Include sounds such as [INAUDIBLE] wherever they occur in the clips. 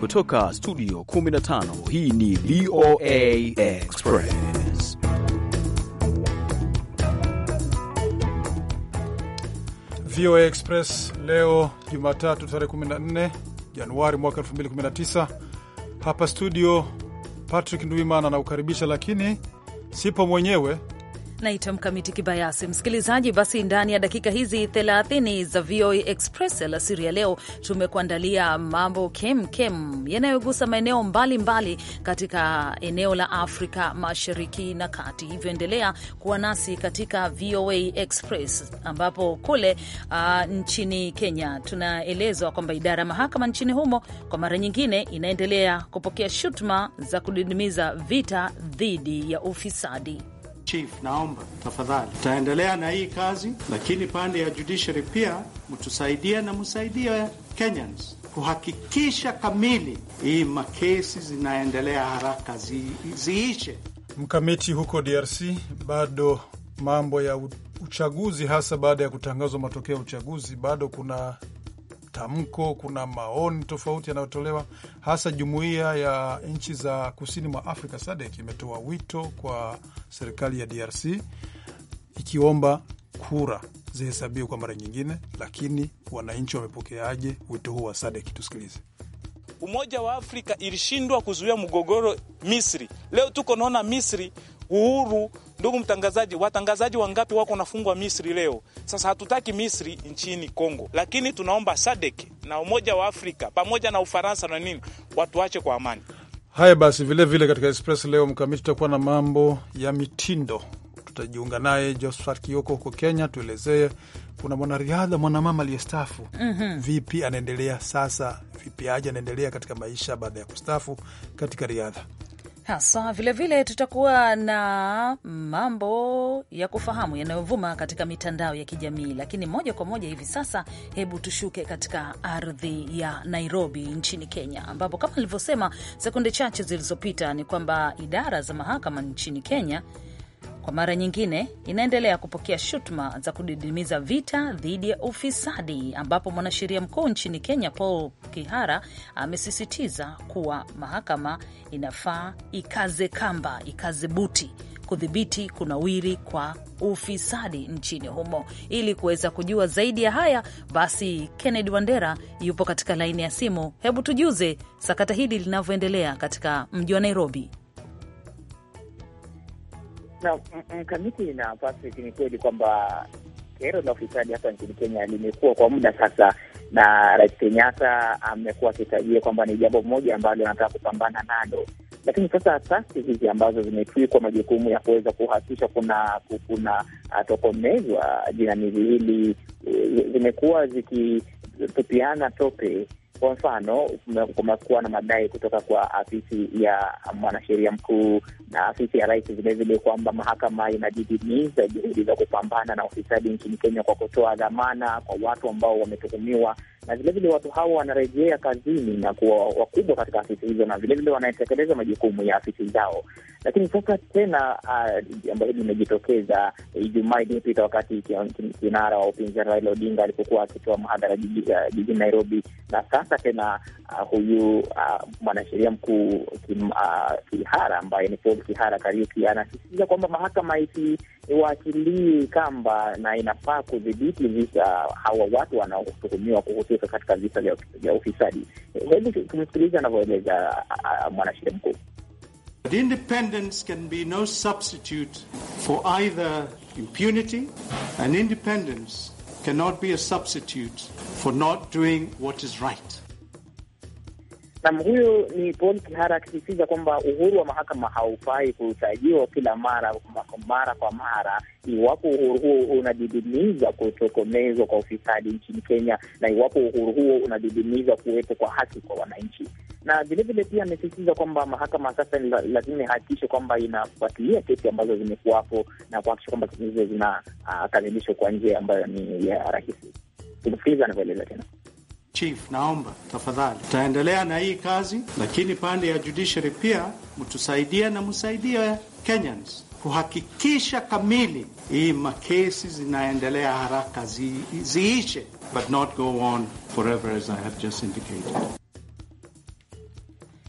Kutoka studio 15 hii ni VOA Express. VOA Express leo Jumatatu tarehe 14 Januari mwaka 2019. Hapa studio Patrick Ndwimana anaukaribisha lakini sipo mwenyewe Naitwa Mkamiti Kibayasi. Msikilizaji, basi ndani ya dakika hizi 30 za VOA e Express alasiri ya leo tumekuandalia mambo kem yanayogusa maeneo mbalimbali katika eneo la Afrika Mashariki na Kati, hivyo endelea kuwa nasi katika VOA e Express, ambapo kule uh, nchini Kenya tunaelezwa kwamba idara ya mahakama nchini humo kwa mara nyingine inaendelea kupokea shutuma za kudidimiza vita dhidi ya ufisadi. Chief, naomba tafadhali, tutaendelea na hii kazi, lakini pande ya judiciary pia mtusaidie na msaidie Kenyans kuhakikisha kamili hii makesi zinaendelea haraka zi, ziishe. Mkamiti huko DRC bado mambo ya uchaguzi hasa baada ya kutangazwa matokeo ya uchaguzi, bado kuna tamko kuna maoni tofauti yanayotolewa. Hasa jumuiya ya nchi za kusini mwa Afrika SADC imetoa wito kwa serikali ya DRC ikiomba kura zihesabiwe kwa mara nyingine. Lakini wananchi wamepokeaje wito huu wa SADC? Tusikilize. Umoja wa Afrika ilishindwa kuzuia mgogoro Misri, leo tuko naona Misri uhuru Ndugu mtangazaji, watangazaji wangapi wako nafungwa Misri leo? Sasa hatutaki Misri nchini Kongo, lakini tunaomba sadek na Umoja wa Afrika pamoja na Ufaransa na nini watuache kwa amani. Haya basi, vilevile vile katika Express leo mkamiti, tutakuwa na mambo ya mitindo. Tutajiunga naye Josephat Kioko huko Kenya, tuelezee kuna mwanariadha mwanamama aliyestafu mm -hmm. Vipi anaendelea sasa, vipi aje anaendelea katika maisha baada ya kustafu katika riadha hasa vilevile tutakuwa na mambo ya kufahamu yanayovuma katika mitandao ya kijamii. Lakini moja kwa moja hivi sasa, hebu tushuke katika ardhi ya Nairobi nchini Kenya, ambapo kama alivyosema sekunde chache zilizopita ni kwamba idara za mahakama nchini Kenya kwa mara nyingine inaendelea kupokea shutuma za kudidimiza vita dhidi ya ufisadi, ambapo mwanasheria mkuu nchini Kenya Paul Kihara amesisitiza kuwa mahakama inafaa ikaze kamba, ikaze buti kudhibiti kunawiri kwa ufisadi nchini humo. Ili kuweza kujua zaidi ya haya, basi Kennedy Wandera yupo katika laini ya simu. Hebu tujuze sakata hili linavyoendelea katika mji wa Nairobi. Na mkamiti na Patrick, ni kweli kwamba kero la ufisadi hapa nchini Kenya limekuwa kwa muda sasa, na Rais Kenyatta amekuwa akitajia kwamba ni jambo moja ambalo anataka kupambana nalo, lakini sasa asasi hizi ambazo zimetwikwa majukumu ya kuweza kuhakikisha kuna kuna uh, tokomezwa jinamizi hili eh, zimekuwa zikitupiana tope kwa mfano, kumekuwa na madai kutoka kwa afisi ya mwanasheria mkuu na afisi ya rais vilevile kwamba mahakama inadidimiza juhudi za kupambana na ufisadi nchini Kenya kwa kutoa dhamana kwa watu ambao wametuhumiwa, na vilevile watu hawa wanarejea kazini na kuwa wakubwa katika afisi hizo, na vilevile wanatekeleza majukumu ya afisi zao. Lakini sasa tena uh, ah, ambayo limejitokeza eh, Ijumaa iliyopita wakati kinara wa upinzani Raila Odinga alipokuwa akitoa mhadhara ah, jijini Nairobi, na sasa tena uh, huyu uh, mwanasheria mkuu uh, Kihara ambaye ni Paul Kihara Kariuki anasisitiza kwamba mahakama isiwaachilie kamba na inafaa kudhibiti visa hawa watu wanaotuhumiwa kuhusika katika visa vya ufisadi. Hebu tumsikiliza anavyoeleza mwanasheria mkuu. But independence can be no substitute for either impunity, and independence cannot be a substitute for not doing what is right. Nam, huyu ni Paul Kihara akisisitiza kwamba uhuru wa mahakama haufai kutajiwa kila mara mara kwa mara, iwapo uhuru huo unadidimiza kutokomezwa kwa ufisadi nchini Kenya na iwapo uhuru huo unadidimiza kuwepo kwa haki kwa wananchi. Na vilevile pia amesisitiza kwamba mahakama sasa lazima ihakikishe kwamba inafuatilia kesi ambazo zimekuwapo na kuhakikisha kwamba kesi hizo zinakamilishwa ah, kwa njia ambayo ni ya rahisi. Tumsikiliza anavyoeleza tena. Chief, naomba tafadhali, tutaendelea na hii kazi, lakini pande ya judiciary pia mtusaidia na msaidie Kenyans kuhakikisha kamili hii makesi zinaendelea haraka zi, ziishe but not go on forever as I have just indicated.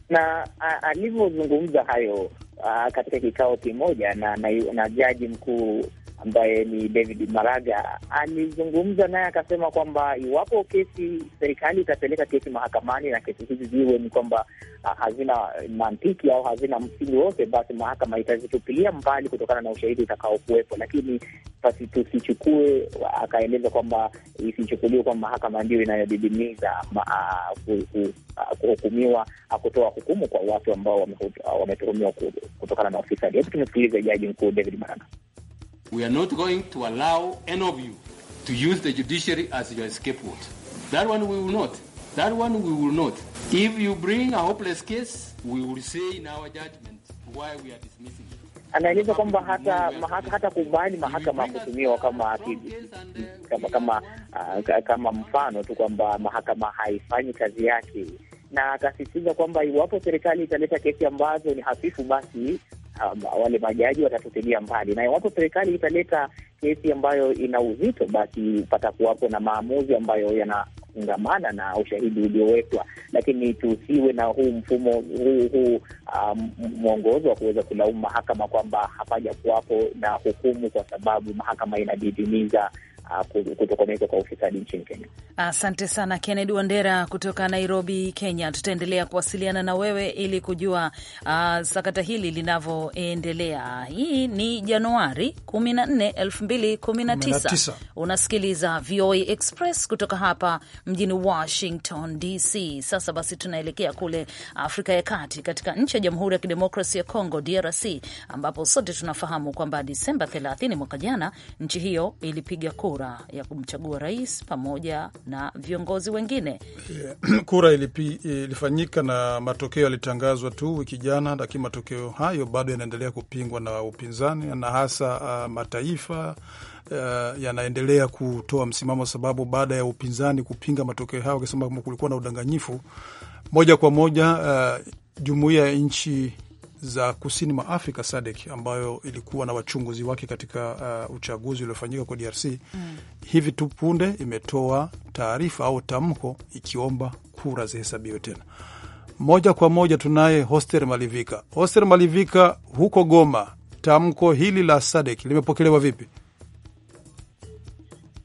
Na alivyozungumza hayo a, katika kikao kimoja na, na, na jaji mkuu ambaye ni David Maraga alizungumza naye akasema kwamba iwapo kesi serikali itapeleka kesi mahakamani na kesi hizi ziwe ni kwamba ah, hazina mantiki au hazina msingi wote, basi mahakama itazitupilia mbali kutokana na ushahidi utakaokuwepo, lakini basi tusichukue, akaeleza kwamba isichukuliwe kwamba mahakama ndio inayodidimiza ah, ah, kuhukumiwa, kutoa hukumu kwa watu ambao wametuhumiwa kutokana na ufisadi. Hebu tumesikiliza Jaji Mkuu David Maraga. We are not going to allow any of you to use the judiciary as your escape route. That one we will not. That one we will not. If you bring a hopeless case, we will say in our judgment why we are dismissing it. Anaeleza kwamba hata mahaka, hata kubali mahakama kutumiwa kama kama kama, uh, kama mfano tu kwamba mahakama haifanyi kazi yake, na akasisitiza kwamba iwapo serikali italeta kesi ambazo ni hafifu basi wale majaji watatupilia mbali, na iwapo serikali italeta kesi ambayo ina uzito, basi patakuwapo na maamuzi ambayo yanafungamana na ushahidi uliowekwa. Lakini tusiwe na huu mfumo huu huu um, mwongozo um, wa kuweza kulaumu mahakama kwamba hapaja kuwapo na hukumu kwa sababu mahakama inadidimiza Ah, kutokomezwa kwa ufisadi nchini Kenya. Asante sana Kennedy Wandera kutoka Nairobi, Kenya. Tutaendelea kuwasiliana na wewe ili kujua uh, sakata hili linavyoendelea. Hii ni Januari 14, 2019. Unasikiliza VOA Express kutoka hapa mjini Washington DC. Sasa basi, tunaelekea kule Afrika ya Kati, katika nchi ya Jamhuri ya Kidemokrasi ya Congo, DRC, ambapo sote tunafahamu kwamba Disemba 30 mwaka jana nchi hiyo ilipiga kura kura ya kumchagua rais pamoja na viongozi wengine. Eh, [CLEARS THROAT] kura ilipi, ilifanyika na matokeo yalitangazwa tu wiki jana, lakini matokeo hayo bado yanaendelea kupingwa na upinzani na hasa uh, mataifa Uh, yanaendelea kutoa msimamo sababu, baada ya upinzani kupinga matokeo hayo wakisema kulikuwa na udanganyifu moja kwa moja, uh, jumuiya ya nchi za kusini mwa Afrika SADC ambayo ilikuwa na wachunguzi wake katika uh, uchaguzi uliofanyika kwa DRC mm. Hivi tu punde imetoa taarifa au tamko ikiomba kura zihesabiwe tena. Moja kwa moja tunaye Hoster Malivika. Hoster Malivika, huko Goma, tamko hili la SADC limepokelewa vipi?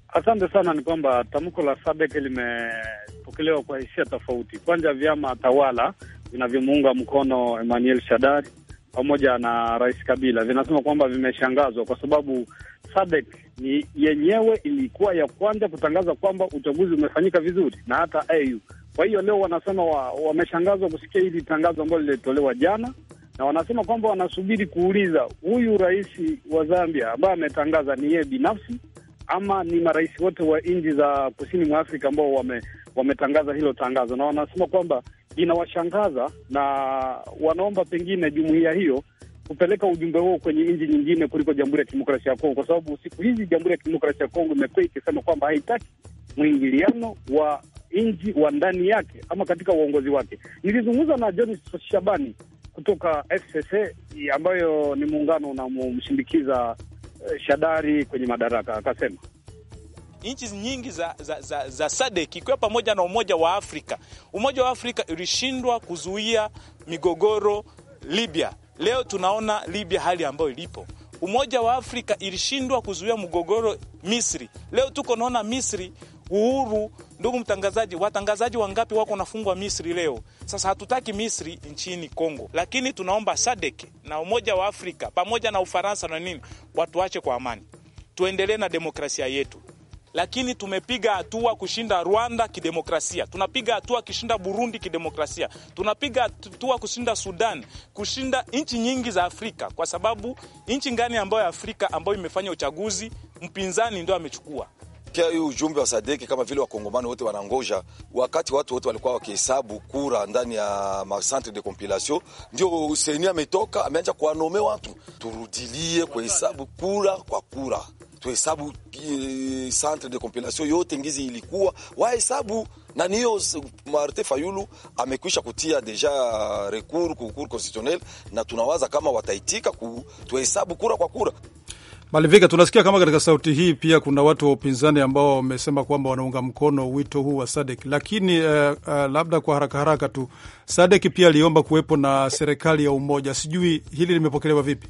Asante sana. Ni kwamba tamko la SADC limepokelewa kwa hisia tofauti. Kwanza vyama tawala vinavyomuunga mkono Emmanuel Shadari pamoja na Rais Kabila vinasema kwamba vimeshangazwa kwa sababu SADC ni yenyewe ilikuwa ya kwanza kutangaza kwamba uchaguzi umefanyika vizuri na hata AU. Kwa hiyo leo wanasema wameshangazwa wa kusikia hili tangazo ambalo lilitolewa jana, na wanasema kwamba wanasubiri kuuliza huyu rais wa Zambia ambaye ametangaza ni yeye binafsi ama ni marais wote wa nchi za kusini mwa Afrika ambao wame, wametangaza hilo tangazo, na wanasema kwamba inawashangaza na wanaomba pengine jumuiya hiyo kupeleka ujumbe huo kwenye nchi nyingine kuliko Jamhuri ya Kidemokrasia ya Kongo, kwa sababu siku hizi Jamhuri ya Kidemokrasia ya Kongo imekuwa ikisema kwamba haitaki mwingiliano wa nchi wa ndani yake ama katika uongozi wake. Nilizungumza na John Shabani kutoka FCC ambayo ni muungano unamshindikiza eh, Shadari kwenye madaraka, akasema nchi nyingi za, za, za, za SADC ikiwa pamoja na Umoja wa Afrika. Umoja wa Afrika ilishindwa kuzuia migogoro Libya. Leo tunaona Libya hali ambayo ilipo. Umoja wa Afrika ilishindwa kuzuia mgogoro Misri. Leo tuko naona Misri uhuru. Ndugu mtangazaji, watangazaji wangapi wako nafungwa Misri leo? Sasa hatutaki Misri nchini Kongo, lakini tunaomba SADC na Umoja wa Afrika pamoja na Ufaransa na nini, watuache kwa amani, tuendelee na demokrasia yetu lakini tumepiga hatua kushinda Rwanda kidemokrasia, tunapiga hatua kushinda Burundi kidemokrasia, tunapiga hatua kushinda Sudan, kushinda nchi nyingi za Afrika, kwa sababu nchi ngani ambayo ya Afrika ambayo imefanya uchaguzi mpinzani ndio amechukua pia hii ujumbe wa Sadeki kama vile wakongomani wote wanangoja, wakati watu wote walikuwa wakihesabu kura ndani ya macentre de compilation, ndio seni ametoka ameanza kuwanome watu, turudilie kuhesabu kura kwa kura tuhesabu e, centre de compilation yote ngizi ilikuwa wahesabu na niyo Marte Fayulu amekwisha kutia deja recours ku cour constitutionnel, na tunawaza kama wataitika tuhesabu kura kwa kura. Malivika, tunasikia kama katika sauti hii pia kuna watu wa upinzani ambao wamesema kwamba wanaunga mkono wito huu wa Sadek, lakini uh, uh, labda kwa haraka haraka tu, Sadek pia aliomba kuwepo na serikali ya umoja. Sijui hili limepokelewa vipi?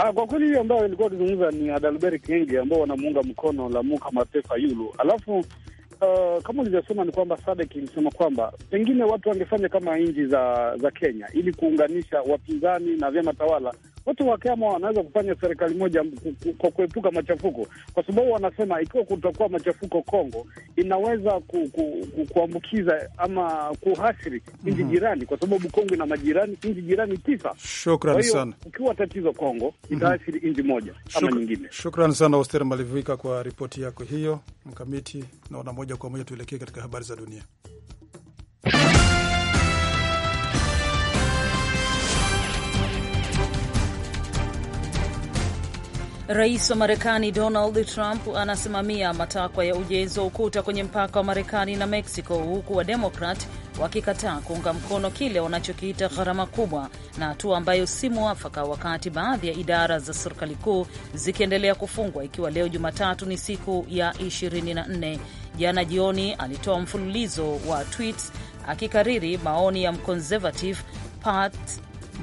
Ah, kwa kweli hiyo ambayo ilikuwa tuzungumza ni Adalbert Kenge ambao wanamuunga mkono Lamuka Mateka Yulu. Alafu uh, kama ulivyosema ni kwamba Sadek ilisema kwamba pengine watu wangefanya kama nchi za za Kenya ili kuunganisha wapinzani na vyama tawala wa wakiamua wanaweza kufanya serikali moja kwa kuepuka machafuko, kwa sababu wanasema ikiwa kutakuwa machafuko Kongo inaweza ku, ku, ku, kuambukiza ama kuhasiri nchi mhm. jirani, kwa sababu Kongo ina majirani nchi jirani tisa. Shukrani sana. Ukiwa tatizo Kongo mhm. itaathiri nchi moja ama nyingine. Shukrani sana Oster Malivika kwa ripoti yako hiyo. Mkamiti naona moja kwa moja tuelekee katika habari za dunia. Rais wa Marekani Donald Trump anasimamia matakwa ya ujenzi wa ukuta kwenye mpaka wa Marekani na Meksiko, huku Wademokrat wakikataa kuunga mkono kile wanachokiita gharama kubwa na hatua ambayo si mwafaka, wakati baadhi ya idara za serikali kuu zikiendelea kufungwa, ikiwa leo Jumatatu ni siku ya 24. Jana jioni alitoa mfululizo wa tweets akikariri maoni ya mconservative Pat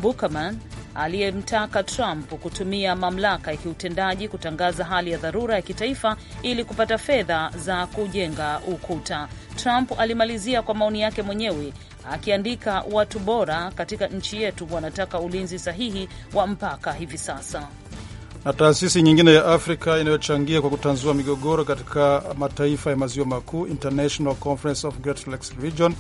Buchanan aliyemtaka Trump kutumia mamlaka ya kiutendaji kutangaza hali ya dharura ya kitaifa ili kupata fedha za kujenga ukuta. Trump alimalizia kwa maoni yake mwenyewe akiandika, watu bora katika nchi yetu wanataka ulinzi sahihi wa mpaka hivi sasa. Na taasisi nyingine ya Afrika inayochangia kwa kutanzua migogoro katika mataifa ya maziwa makuu, International Conference of Great Lakes Region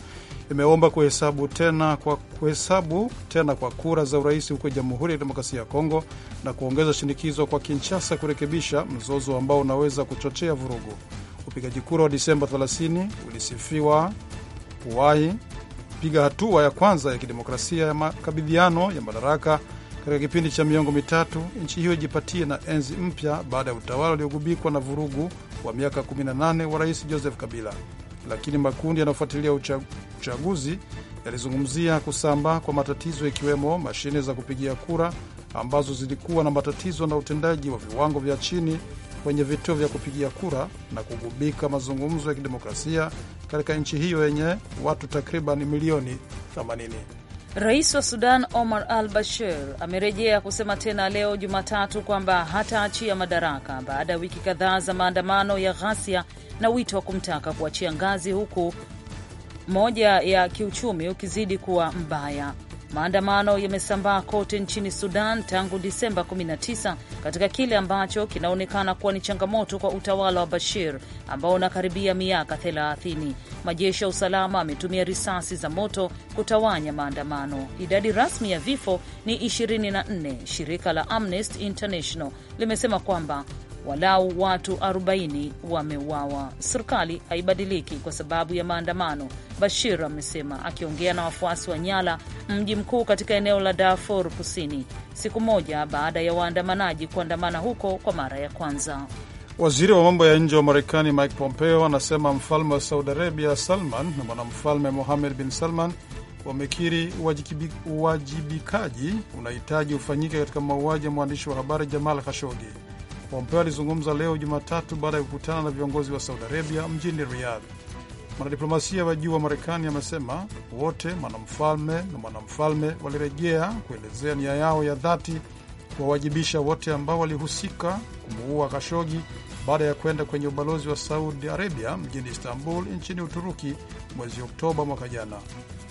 imeomba kuhesabu tena kwa kuhesabu tena kwa kura za urais huko Jamhuri ya Demokrasia ya Kongo na kuongeza shinikizo kwa Kinshasa kurekebisha mzozo ambao unaweza kuchochea vurugu. Upigaji kura wa Disemba 30 ulisifiwa kuwahi piga hatua ya kwanza ya kidemokrasia ya makabidhiano ya madaraka katika kipindi cha miongo mitatu, nchi hiyo ijipatie na enzi mpya baada ya utawala uliogubikwa na vurugu wa miaka 18 wa Rais Joseph Kabila lakini makundi yanayofuatilia uchaguzi yalizungumzia kusambaa kwa matatizo ikiwemo mashine za kupigia kura ambazo zilikuwa na matatizo na utendaji wa viwango vya chini kwenye vituo vya kupigia kura na kugubika mazungumzo ya kidemokrasia katika nchi hiyo yenye watu takriban milioni 80. Rais wa Sudan Omar al Bashir amerejea kusema tena leo Jumatatu kwamba hataachia madaraka baada ya wiki kadhaa za maandamano ya ghasia na wito wa kumtaka kuachia ngazi, huku moja ya kiuchumi ukizidi kuwa mbaya. Maandamano yamesambaa kote nchini Sudan tangu Disemba 19 katika kile ambacho kinaonekana kuwa ni changamoto kwa utawala wa Bashir ambao unakaribia miaka 30. Majeshi ya usalama ametumia risasi za moto kutawanya maandamano. Idadi rasmi ya vifo ni 24. Shirika la Amnesty International limesema kwamba walau watu 40 wameuawa. Serikali haibadiliki kwa sababu ya maandamano, Bashir amesema akiongea na wafuasi wa Nyala, mji mkuu katika eneo la Darfur Kusini, siku moja baada ya waandamanaji kuandamana huko kwa mara ya kwanza. Waziri wa mambo ya nje wa Marekani Mike Pompeo anasema mfalme wa Saudi Arabia Salman na mwanamfalme Mohammed bin Salman wamekiri uwajibikaji unahitaji ufanyike katika mauaji ya mwandishi wa habari Jamal Khashoggi. Pompeo alizungumza leo Jumatatu baada ya kukutana na viongozi wa Saudi Arabia mjini Riyadh. Mwanadiplomasia wa juu wa Marekani amesema wote, mwanamfalme na mwanamfalme, walirejea kuelezea nia yao ya dhati kuwawajibisha wote ambao walihusika kumuua Kashogi baada ya kwenda kwenye ubalozi wa Saudi Arabia mjini Istanbul nchini Uturuki mwezi Oktoba mwaka jana.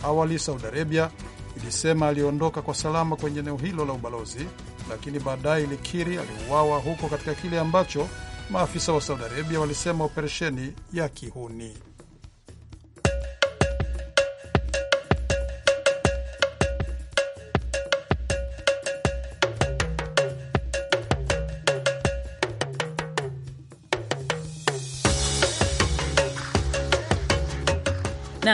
Awali Saudi Arabia ilisema aliondoka kwa salama kwenye eneo hilo la ubalozi lakini baadaye ilikiri aliuawa huko katika kile ambacho maafisa wa Saudi Arabia walisema operesheni ya kihuni.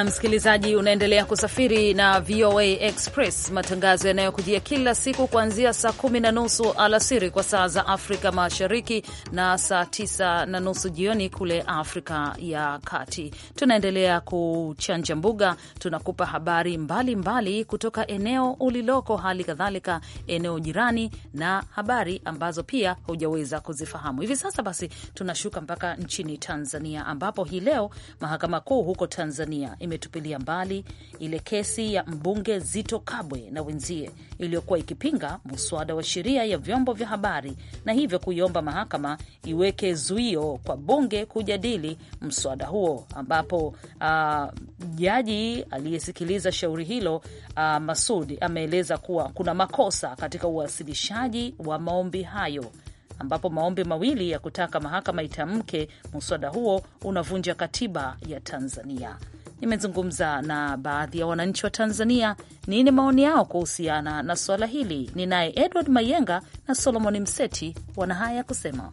msikilizaji, unaendelea kusafiri na VOA Express, matangazo yanayokujia kila siku kuanzia saa kumi na nusu alasiri kwa saa za Afrika Mashariki na saa tisa na nusu jioni kule Afrika ya Kati. Tunaendelea kuchanja mbuga, tunakupa habari mbalimbali mbali kutoka eneo uliloko, hali kadhalika eneo jirani na habari ambazo pia hujaweza kuzifahamu hivi sasa. Basi tunashuka mpaka nchini Tanzania ambapo hii leo mahakama kuu huko Tanzania imetupilia mbali ile kesi ya mbunge Zito Kabwe na wenzie iliyokuwa ikipinga muswada wa sheria ya vyombo vya habari na hivyo kuiomba mahakama iweke zuio kwa bunge kujadili mswada huo, ambapo uh, jaji aliyesikiliza shauri hilo uh, Masudi ameeleza kuwa kuna makosa katika uwasilishaji wa maombi hayo ambapo maombi mawili ya kutaka mahakama itamke muswada huo unavunja katiba ya Tanzania nimezungumza na baadhi ya wananchi wa Tanzania nini maoni yao kuhusiana na suala hili. ni naye Edward Mayenga na Solomon Mseti, wana haya ya kusema.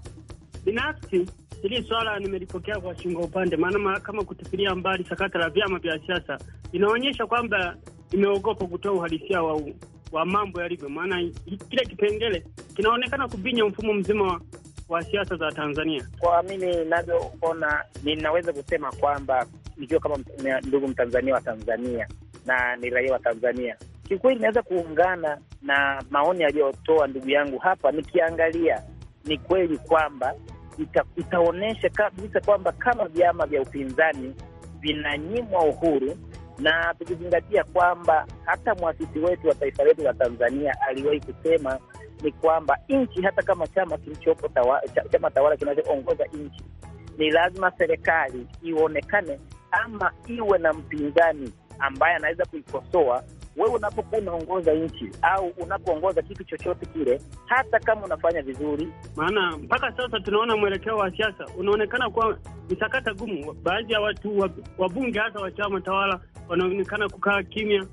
Binafsi hili swala nimelipokea kwa shingo upande, maana mahakama kutupilia mbali sakata la vyama vya siasa inaonyesha kwamba imeogopa kutoa uhalisia wa wa mambo yalivyo, maana kile kipengele kinaonekana kubinya mfumo mzima wa wa siasa za Tanzania. Kwa mimi ninavyoona, ninaweza kusema kwamba nikiwa kama ndugu Mtanzania wa Tanzania na ni raia wa Tanzania, kiukweli naweza kuungana na maoni aliyotoa ndugu yangu hapa. Nikiangalia ni kweli kwamba ita, itaonyesha kabisa kwamba kama vyama vya upinzani vinanyimwa uhuru na tukizingatia kwamba hata mwasisi wetu wa taifa letu la Tanzania aliwahi kusema ni kwamba nchi, hata kama chama kilichopo tawa, chama tawala kinachoongoza nchi, ni lazima serikali ionekane ama iwe na mpinzani ambaye anaweza kuikosoa wewe unapokuwa unaongoza nchi au unapoongoza kitu chochote kile, hata kama unafanya vizuri. Maana mpaka sasa tunaona mwelekeo wa siasa unaonekana kuwa mchakata gumu. Baadhi ya watu wabunge, hasa wa chama tawala, wanaonekana kukaa kimya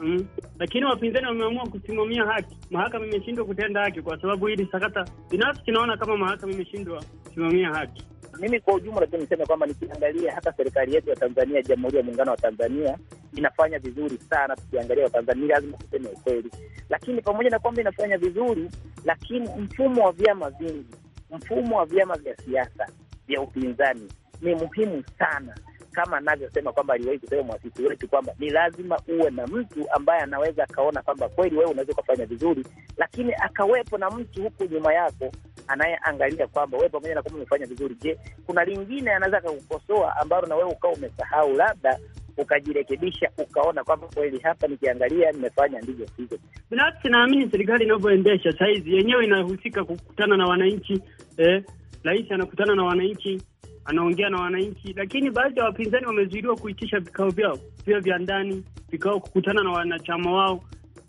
mm. Lakini wapinzani wameamua kusimamia haki. Mahakama imeshindwa kutenda haki kwa sababu hili sakata. Binafsi tunaona kama mahakama imeshindwa kusimamia haki mimi kwa ujumla tu niseme kwamba nikiangalia hata serikali yetu ya Tanzania Jamhuri ya Muungano wa Tanzania inafanya vizuri sana. Tukiangalia Watanzania, lazima tuseme ukweli, lakini pamoja na kwamba inafanya vizuri, lakini mfumo wa vyama vingi, mfumo wa vyama vya siasa vya upinzani ni muhimu sana kama anavyosema kwamba aliwahi kusema mwasisi wetu kwamba ni lazima uwe na mtu ambaye anaweza akaona kwamba kweli wewe unaweza ukafanya vizuri, lakini akawepo na mtu huku nyuma yako anayeangalia kwamba wewe pamoja na kwamba umefanya vizuri, je, kuna lingine anaweza akakukosoa ambalo na wewe ukawa umesahau labda ukajirekebisha ukaona kwamba kweli hapa nikiangalia nimefanya ndivyo sivyo. Binafsi naamini serikali inavyoendesha sahizi yenyewe inahusika kukutana na wananchi eh, rais anakutana na wananchi, anaongea na wananchi, lakini baadhi ya wapinzani wamezuiliwa kuitisha vikao vyao vio vya ndani, vikao kukutana na wanachama wao.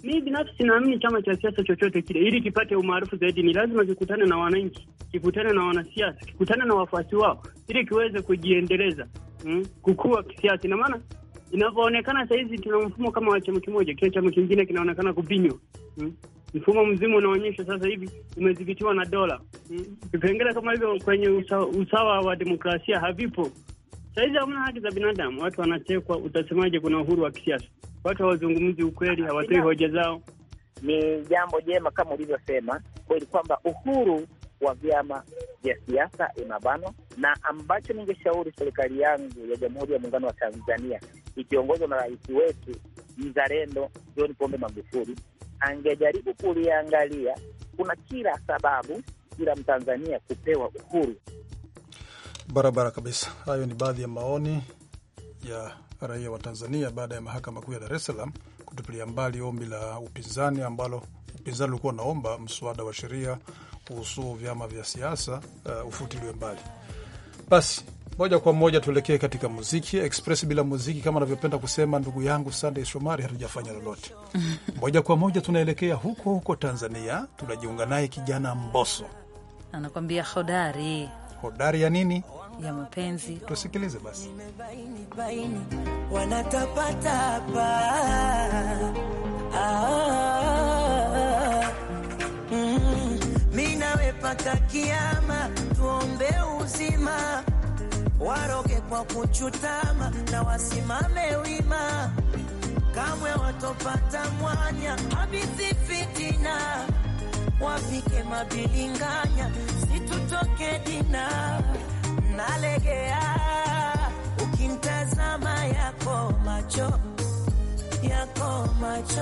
Mi binafsi naamini chama cha siasa chochote kile, ili kipate umaarufu zaidi, ni lazima kikutane na wananchi, kikutane na wanasiasa, kikutane na wafuasi wao, ili kiweze kujiendeleza, mm, kukua kisiasa. Ina maana inavyoonekana sahizi, tuna mfumo kama wa chama kimoja, kile chama kingine kinaonekana kubinywa, mm. Mfumo mzima unaonyesha sasa hivi umedhibitiwa na dola. Mm. Vipengele kama hivyo kwenye usawa, usawa wa demokrasia havipo. sahizi. hamna haki za binadamu, watu wanatekwa. Utasemaje kuna uhuru wa kisiasa? watu hawazungumzi ukweli, hawatoi hoja zao. Ni jambo jema kama ulivyosema kweli kwamba uhuru wa vyama vya siasa unabanwa, na ambacho ningeshauri serikali yangu ya Jamhuri ya Muungano wa Tanzania ikiongozwa na rais wetu mzalendo John Pombe Magufuli angejaribu kuliangalia. Kuna kila sababu kila Mtanzania kupewa uhuru barabara kabisa. Hayo ni baadhi ya maoni ya raia wa Tanzania baada ya mahakama kuu ya Dar es Salaam kutupilia mbali ombi la upinzani ambalo upinzani ulikuwa unaomba mswada wa sheria kuhusu vyama vya siasa uh, ufutiliwe mbali. Basi moja kwa moja tuelekee katika muziki express. Bila muziki kama anavyopenda kusema ndugu yangu sandey Shomari, hatujafanya lolote. [LAUGHS] Moja kwa moja tunaelekea huko huko Tanzania, tunajiunga naye kijana Mboso anakwambia hodari hodari ya nini? ya mapenzi. Tusikilize basi. Wanatapatapa ah, mm. mi paka kiama, tuombe uzima, waroge kwa kuchutama na wasimame wima, kamwe watopata mwanya habithi fitina wapike mabilinganya situtoke dina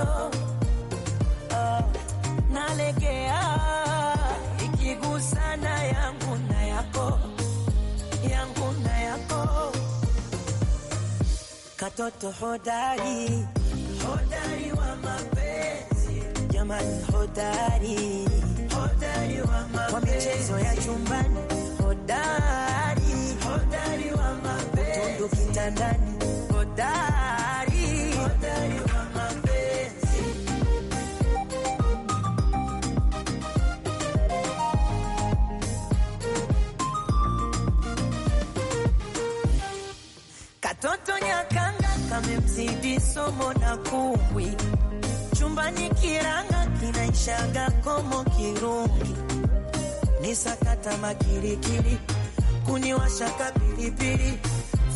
macho uh, ah, nalekea ikigusana yangu na yako yangu na yako katoto hodari hodari wa mapenzi jamani hodari hodari wa mapenzi kwa michezo ya chumbani hodari hodari wa mapenzi utundu kitandani hodari hodari wa zidi somo na kungwi chumbani kiranga kinaishaga komo kirungi nisakata makirikiri kuniwashaka pilipili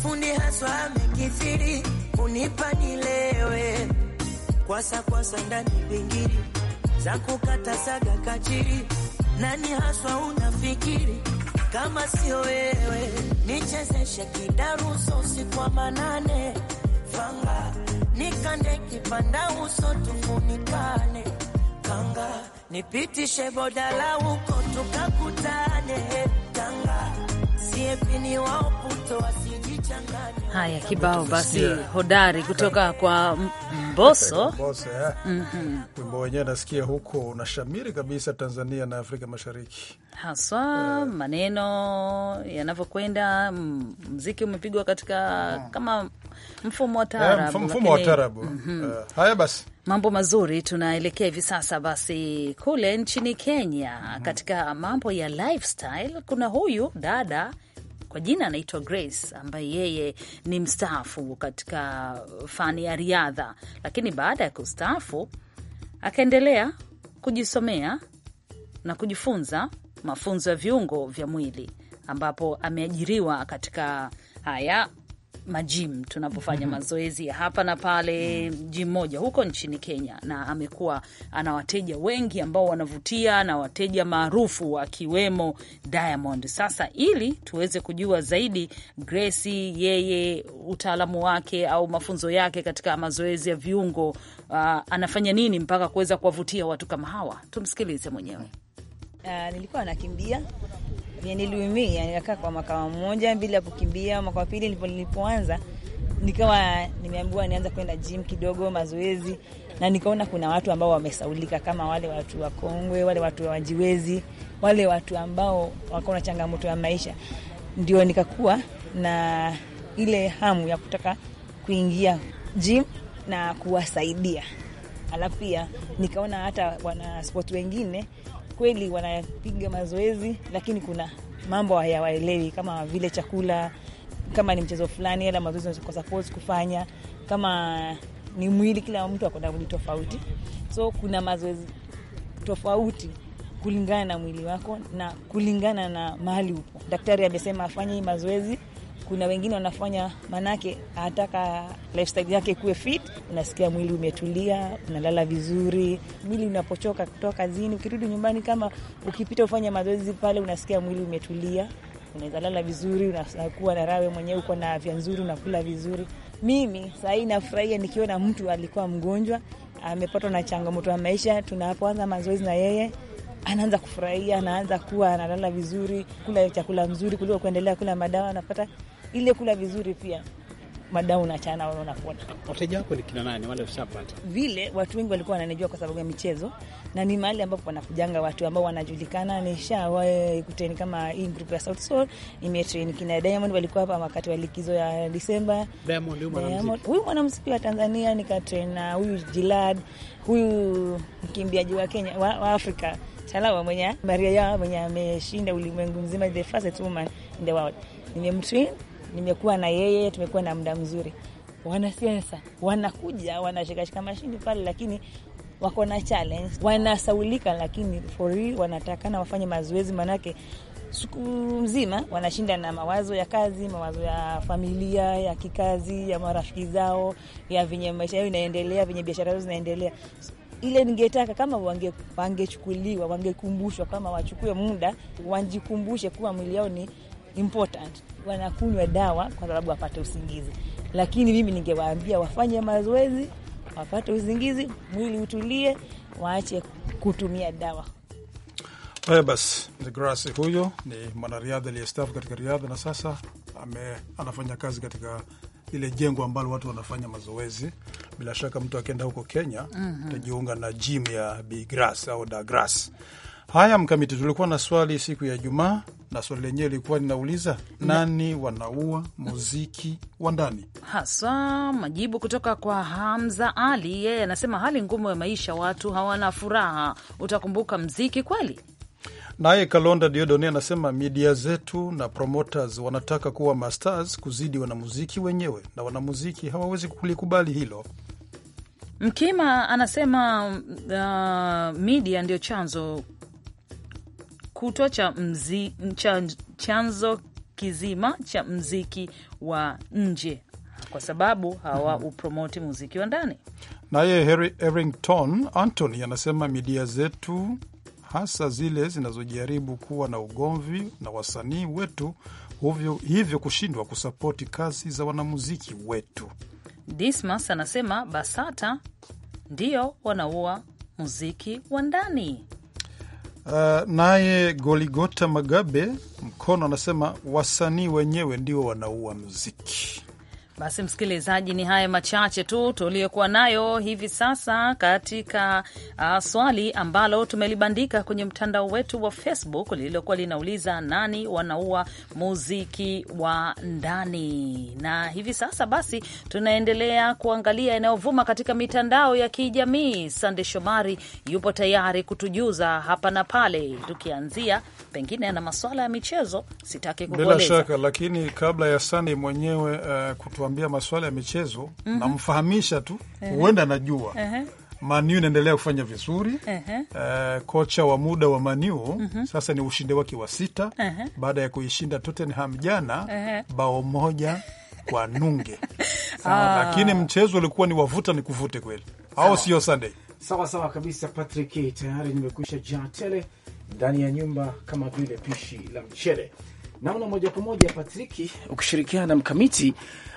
fundi haswa amekithiri kunipa nilewe kwasa kwasa ndani bingiri za kukata saga kachiri nani haswa unafikiri kama sio wewe nichezeshe kidaruso si kwa manane panga nikande kipanda uso tufunikane, panga nipitishe bodala uko tukakutane, tanga siepini wao puto wasijichanganye. Haya, kibao basi hodari kutoka kwa Mbosso. Mbosso eh. wimbo wenyewe nasikia huko unashamiri kabisa Tanzania na Afrika Mashariki haswa, yeah. Maneno yanavyokwenda, mziki umepigwa katika yeah. Mm. kama mfumo wa eh, taarabu, mfumo wa taarabu. Mm -hmm. Uh, haya basi mambo mazuri tunaelekea hivi sasa basi kule nchini Kenya. mm -hmm. Katika mambo ya lifestyle kuna huyu dada kwa jina anaitwa Grace ambaye yeye ni mstaafu katika fani ya riadha, lakini baada ya kustaafu akaendelea kujisomea na kujifunza mafunzo ya viungo vya mwili ambapo ameajiriwa katika haya majim tunapofanya mazoezi ya hapa na pale, jim moja huko nchini Kenya, na amekuwa ana wateja wengi ambao wanavutia na wateja maarufu akiwemo Diamond. Sasa ili tuweze kujua zaidi Grace, yeye utaalamu wake au mafunzo yake katika mazoezi ya viungo, uh, anafanya nini mpaka kuweza kuwavutia watu kama hawa, tumsikilize mwenyewe. Uh, nilikuwa nakimbia yaani yaani niliumia, nikakaa kwa mwaka mmoja bila kukimbia. Mwaka wa pili nilipoanza nikawa nimeambiwa nianza kwenda gym kidogo, mazoezi, na nikaona kuna watu ambao wamesaulika kama wale watu wa kongwe wale watu wajiwezi, wale watu ambao wako na changamoto ya maisha. Ndio nikakuwa na ile hamu ya kutaka kuingia gym na kuwasaidia, alafu pia nikaona hata wana sport wengine kweli wanapiga mazoezi, lakini kuna mambo hayawaelewi kama vile chakula, kama ni mchezo fulani, ala mazoezi kwa suppose kufanya, kama ni mwili, kila mtu akona mwili tofauti, so kuna mazoezi tofauti kulingana na mwili wako na kulingana na mahali upo. Daktari amesema afanye hii mazoezi kuna wengine wanafanya manake anataka lifestyle yake kuwe fit. Unasikia mwili umetulia, unalala vizuri. Mwili unapochoka kutoka kazini, ukirudi nyumbani, kama ukipita ufanya mazoezi pale, unasikia mwili umetulia, unaweza lala vizuri, unakuwa na rawe mwenyewe, uko na afya nzuri, unakula vizuri. Mimi sahii nafurahia nikiona mtu alikuwa mgonjwa amepatwa na changamoto ya maisha, tunapoanza mazoezi na yeye anaanza kufurahia, anaanza kuwa analala vizuri, kula chakula mzuri kuliko kuendelea kula madawa. Anapata ile kula vizuri pia madamu chana wanaona kuona. Wateja wako ni kina nani wale ushapata? Vile watu wengi walikuwa wananijua kwa sababu ya michezo na ni mahali ambapo wanakujanga watu ambao wanajulikana, nisha wae kutrain kama hii group ya South Soul imetrain kina Diamond walikuwa hapa wakati wa likizo ya Disemba. Diamond huyu mwanamuziki. Huyu mwanamuziki wa Tanzania nikatrain na huyu Jilad, huyu mkimbiaji wa Kenya wa, wa Afrika Talawa mwenye Maria Yao mwenye ameshinda ulimwengu mzima the fastest woman in the world. Nimemtrain nimekuwa na yeye, tumekuwa na muda mzuri. Wanasiasa wanakuja wanashikashika mashini pale, lakini wako na challenge, wanasaulika, lakini for real wanatakana wafanye mazoezi, manake siku mzima wanashinda na mawazo ya kazi, mawazo ya familia, ya kikazi, ya marafiki zao, ya venye maisha yao inaendelea, venye biashara zao zinaendelea. Ile ningetaka kama wangechukuliwa, wange wangekumbushwa, kama wachukue muda, wajikumbushe kuwa mwili yao ni important, wanakunywa dawa kwa sababu wapate usingizi, lakini mimi ningewaambia wafanye mazoezi, wapate usingizi, mwili utulie, waache kutumia dawa. Haya basi, Degrassi huyo ni mwanariadha aliyestaafu katika riadha na sasa ame, anafanya kazi katika lile jengo ambalo watu wanafanya mazoezi. Bila shaka mtu akienda huko Kenya mhm. atajiunga mm -hmm. na gym ya Bigras au Dagras Haya, Mkamiti, tulikuwa na swali siku ya Jumaa na swali lenyewe lilikuwa linauliza mm. nani wanaua muziki wa ndani haswa. Majibu kutoka kwa Hamza Ali, yeye anasema hali ngumu ya maisha, watu hawana furaha. Utakumbuka mziki kweli? Naye Kalonda diodoni anasema midia zetu na promoters wanataka kuwa masters kuzidi wanamuziki wenyewe, na wanamuziki hawawezi kulikubali hilo. Mkima anasema uh, midia ndio chanzo kutwa cha mzi, chan, chanzo kizima cha mziki wa nje kwa sababu mhm. upromoti muziki wa ndani. Naye Errington Anthony anasema midia zetu hasa zile zinazojaribu kuwa na ugomvi na wasanii wetu huvyo, hivyo kushindwa kusapoti kazi za wanamuziki wetu. Dismas anasema BASATA ndio wanaua muziki wa ndani. Uh, naye Goligota Magabe Mkono anasema wasanii wenyewe ndio wanaua muziki. Basi msikilizaji, ni haya machache tu tuliyokuwa nayo hivi sasa katika uh, swali ambalo tumelibandika kwenye mtandao wetu wa Facebook lililokuwa linauliza nani wanaua muziki wa ndani. Na hivi sasa basi tunaendelea kuangalia yanayovuma katika mitandao ya kijamii. Sande Shomari yupo tayari kutujuza hapa na pale, tukianzia pengine na masuala ya michezo. Sitaki kukueleza bila shaka, lakini kabla ya Sande mwenyewe uh, kutu kutuambia masuala ya michezo mm -hmm. namfahamisha tu huenda uh -huh. najua uh -huh. Maniu inaendelea kufanya vizuri uh -huh. uh, kocha wa muda wa Maniu uh mhm. -huh. sasa ni ushindi wake wa sita uh -huh. baada ya kuishinda Tottenham jana uh -huh. bao moja kwa nunge [LAUGHS] ah. Lakini mchezo ulikuwa ni wavuta ni kuvute kweli, au sio Sunday? Sawa sawa kabisa Patrick, tayari nimekwisha jaa tele ndani ya nyumba kama vile pishi la mchele. Naona moja kwa moja Patrick ukishirikiana na Mkamiti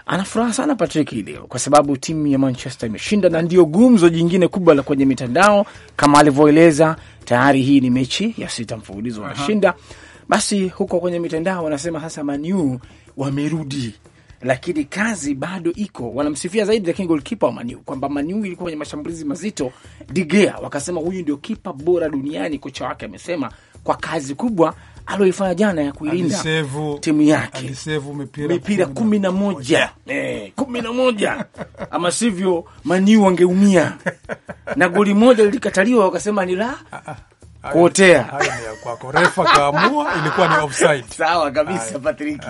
ana furaha sana Patrick hii leo kwa sababu timu ya Manchester imeshinda, na ndio gumzo jingine kubwa la kwenye mitandao kama alivyoeleza tayari. Hii ni mechi ya sita mfululizo wanashinda. Basi huko kwenye mitandao wanasema sasa Manu wamerudi, lakini kazi bado iko. Wanamsifia zaidi lakini golkipa wa Manu kwamba Maniu ilikuwa kwenye mashambulizi mazito. Digea wakasema huyu ndio kipa bora duniani, kocha wake amesema kwa kazi kubwa aliyoifanya jana ya kuilinda timu yake mipira kumi na moja eh, kumi na moja ama sivyo Maniu wangeumia na goli moja lilikataliwa, wakasema ni la ah, ah, kuotea. Refa kaamua ilikuwa ni offside. Sawa kabisa Patrick.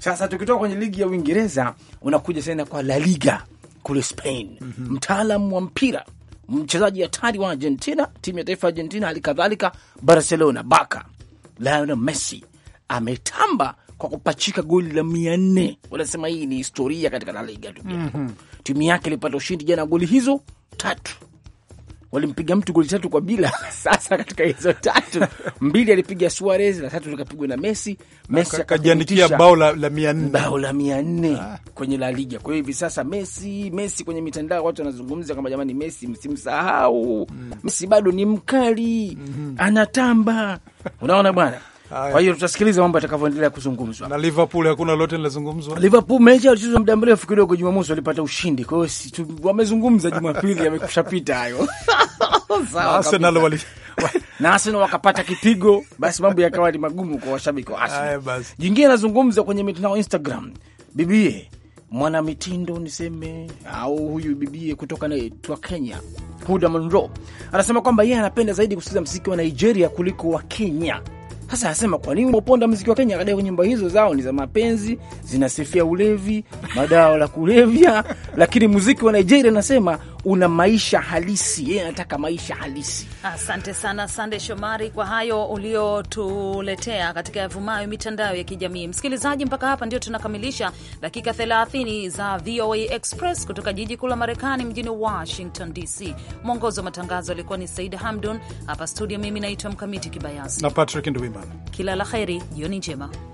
Sasa tukitoka kwenye ligi ya Uingereza unakuja tena kwa La Liga kule Spain. mm -hmm. Mtaalam wa mpira mchezaji hatari wa Argentina, timu ya taifa Argentina, hali kadhalika Barcelona, Baka Lionel Messi ametamba kwa kupachika goli la mia nne. Wanasema hii ni historia katika La Liga. Mhm. Timu yake ilipata ushindi jana goli hizo tatu walimpiga mtu goli tatu kwa bila. [LAUGHS] Sasa katika hizo tatu mbili alipiga Suarez na tatu likapigwa na Messi. Messi akajiandikia bao la, la mia nne bao la mia nne ah. kwenye La Liga. Kwa hiyo hivi sasa Messi, Messi kwenye mitandao watu wanazungumza kama jamani, Messi msimsahau, mm. Messi bado ni mkali mm -hmm. anatamba, unaona bwana kwa hiyo tutasikiliza mambo yatakavyoendelea kuzungumzwa. Na Liverpool hakuna lolote linazungumzwa. Liverpool mechi alicheza muda mrefu kidogo Jumamosi walipata ushindi. Kwa hiyo wamezungumza Jumapili yamekushapita hayo. [LAUGHS] Sawa. Arsenal wali na Arsenal wakapata kipigo, basi mambo yakawa ni magumu kwa washabiki wa Arsenal. Jingine nazungumza kwenye mitandao Instagram. Bibie mitindo niseme au huyu bibie kutoka na twa Kenya Huda Monroe anasema kwamba yeye anapenda zaidi kusikiliza mziki wa Nigeria kuliko wa Kenya. Sasa anasema kwa nini uponda mziki wa Kenya? Akadai nyimbo hizo zao ni za mapenzi, zinasifia ulevi, madawa la kulevya, [LAUGHS] lakini muziki wa Nigeria anasema una maisha halisi, yeye anataka maisha halisi. Asante sana Sande Shomari kwa hayo uliotuletea katika yavumayo mitandao ya kijamii. Msikilizaji, mpaka hapa ndio tunakamilisha dakika 30 za VOA Express kutoka jiji kuu la Marekani, mjini Washington DC. Mwongozi wa matangazo alikuwa ni said Hamdun. Hapa studio, mimi naitwa Mkamiti Kibayasi na Patrick Ndwimana. Kila la heri, jioni njema.